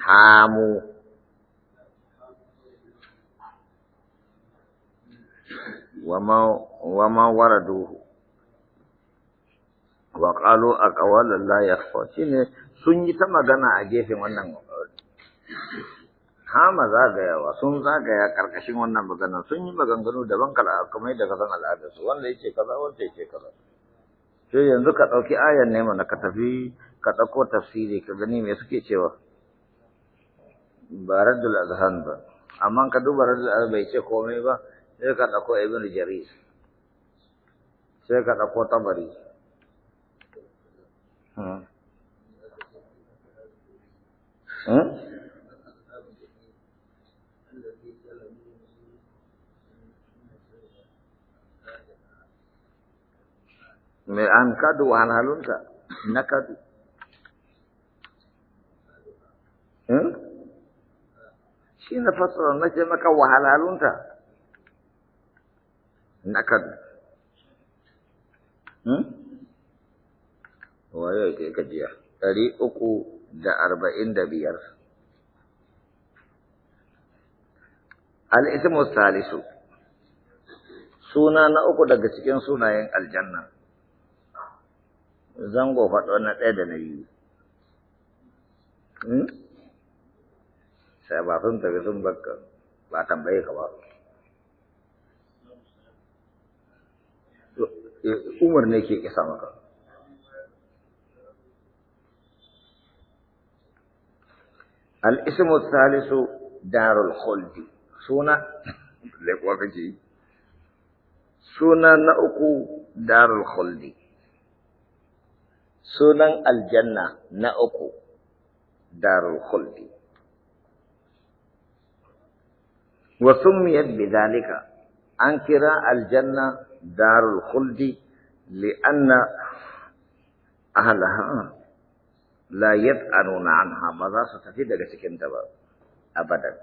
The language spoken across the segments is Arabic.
hamu wama waraduhu wa qalu aqwalan la yakhfa shine sun yi ta magana a gefen wannan hama zagayawa sun zagaya karkashin wannan magana sun yi maganganu daban kala kamar da kazan al'adarsu wanda yake kaza wanda yake kaza sai yanzu ka ɗauki ayan ne mana ka tafi ka ɗauko tafsiri ka gani me suke cewa ba raddul azhan ba amma ka duba raddul azhan bai ce komai ba sai ka dauko ibn jarir sai ka dauko tabari hmm. Hmm? Me an kadu an halunta na kadu. shi na fassara na ce maka wahalalunta na kan hmm? waye ke gajiya ɗari uku da arba'in da biyar al'ismu salisu suna na uku daga cikin sunayen aljanna zango faɗo na ɗaya da na biyu hmm? sai ba sun tafi sun bakka ba tambaye ka ba umar ne ke kisa maka al'ismu salisu darul khuldi suna lekwa kaji suna na uku darul khuldi sunan aljanna na uku darul khuldi وسميت بذلك أنكر الجنة دار الخلد لأن أهلها لا يطعنون عنها ماذا ستفيد لك أبدا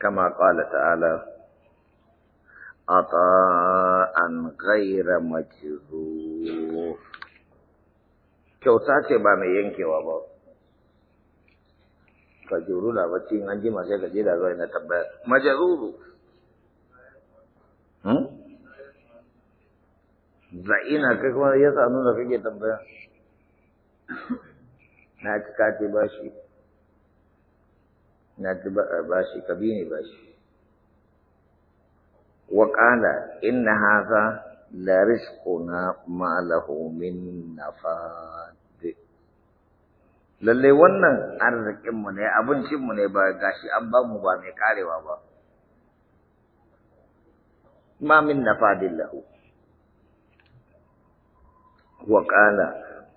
كما قال تعالى عطاء غير مجذور kyauta ce ينكي mai فجرولا وتي نجي ما زي كذي لا غير نتبع ما جرولو هم زين أكيد ما هي سانو نفيج تبع نات كاتي باشي نات باشي كبيني باشي وقال إن هذا لرزقنا ما له من نفاد lalle wannan arzikinmu ne abincinmu ne ba gashi an ba mu ba mai karewa ba ma min nafadin lahu wa qala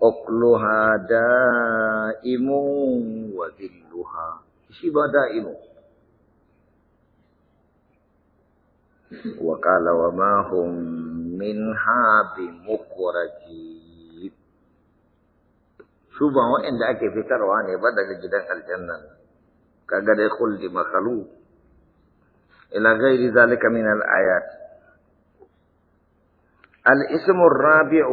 ukluha da'imu wa dhilluha shi ba da'imu wa qala wa ma hum minha bi su ba wa'inda ake fitarwa ne ba daga gidan aljanna kaga dai khuldi makhalu ila ghairi zalika min al-ayat الاسم الرابع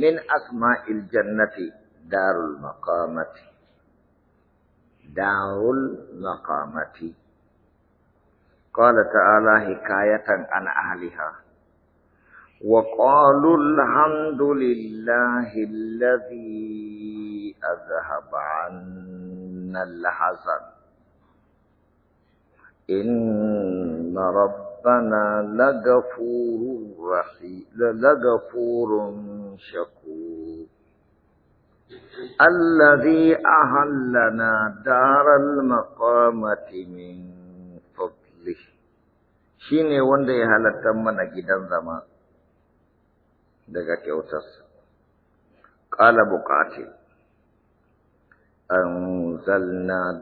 من أسماء الجنة دار المقامة دار المقامة قال تعالى حكاية عن أهلها وقالوا الحمد لله الذي أذهب عنا الحسن إن ربنا لغفور رحيم لغفور شكور الذي أهلنا دار المقامة من فضله شيني وندي هلتا من جدا زمان daga kyautarsa ƙala بقاتل أنزلنا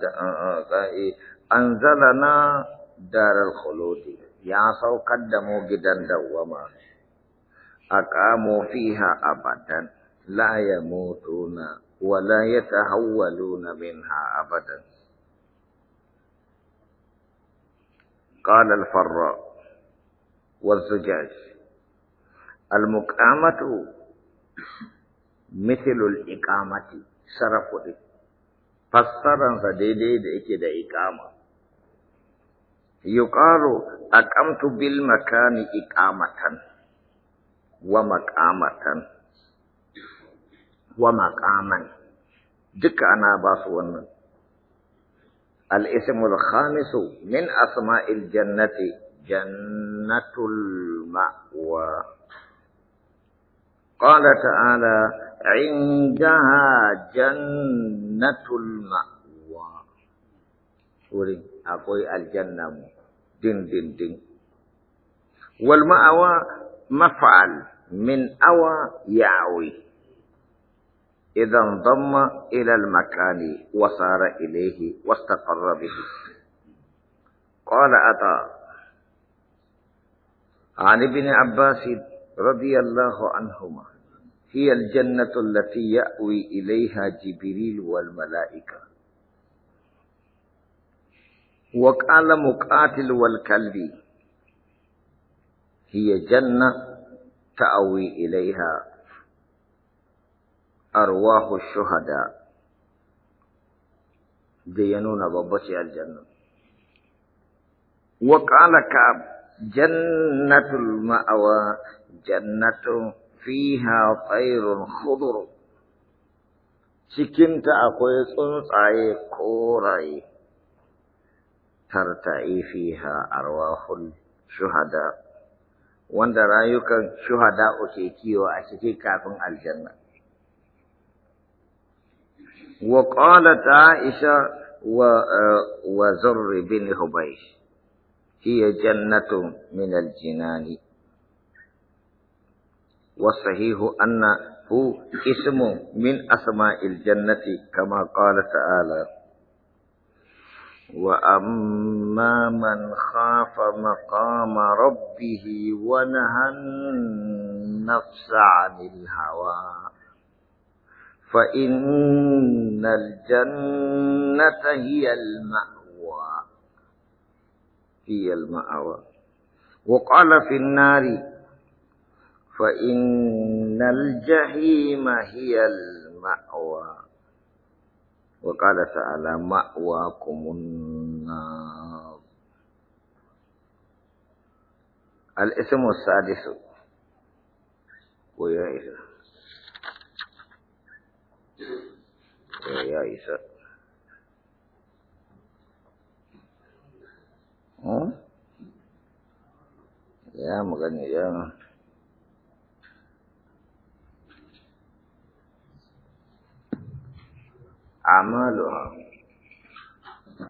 أنزلنا دار الخلود يا سو قدموا جدا دوما أقاموا فيها أبدا لا يموتون ولا يتحولون منها أبدا قال الفراء والزجاج المقامة مثل الإقامة شرف fassaransa daidai da yake da iqama yuqalu aqamtu bil makani iqamatan wa maqamatan wa maqaman duka ana ba su wannan الاسم الخامس من أسماء الجنة جنة المأوى قال تعالى عندها جنة المأوى سوري أقول الجنة دين دين دين والمأوى مفعل من أوى يعوي إذا انضم إلى المكان وصار إليه واستقر به قال أتى عن ابن عباس رضي الله عنهما هي الجنة التي يأوي إليها جبريل والملائكة وقال مقاتل والكلبي هي جنة تأوي إليها أرواح الشهداء دينون ببشع الجنة وقال كعب جنة المأوى جنة فيها طير خضر سكنت أقوي أي كوري ترتعي فيها أرواح الشهداء وانت رأيك شهداء سيكي وأسكيكا من الجنة وقالت عائشة آه، وزر بن هبيش هي جنة من الجنان والصحيح هو اسم من أسماء الجنة كما قال تعالى وأما من خاف مقام ربه ونهى النفس عن الهوى فإن الجنة هي المأوى هي المأوى وقال في النار فإن الجحيم هي المأوى وقال تعالى مأواكم النار الاسم السادس ويا إسا ويا إسا makanya yang amaluhum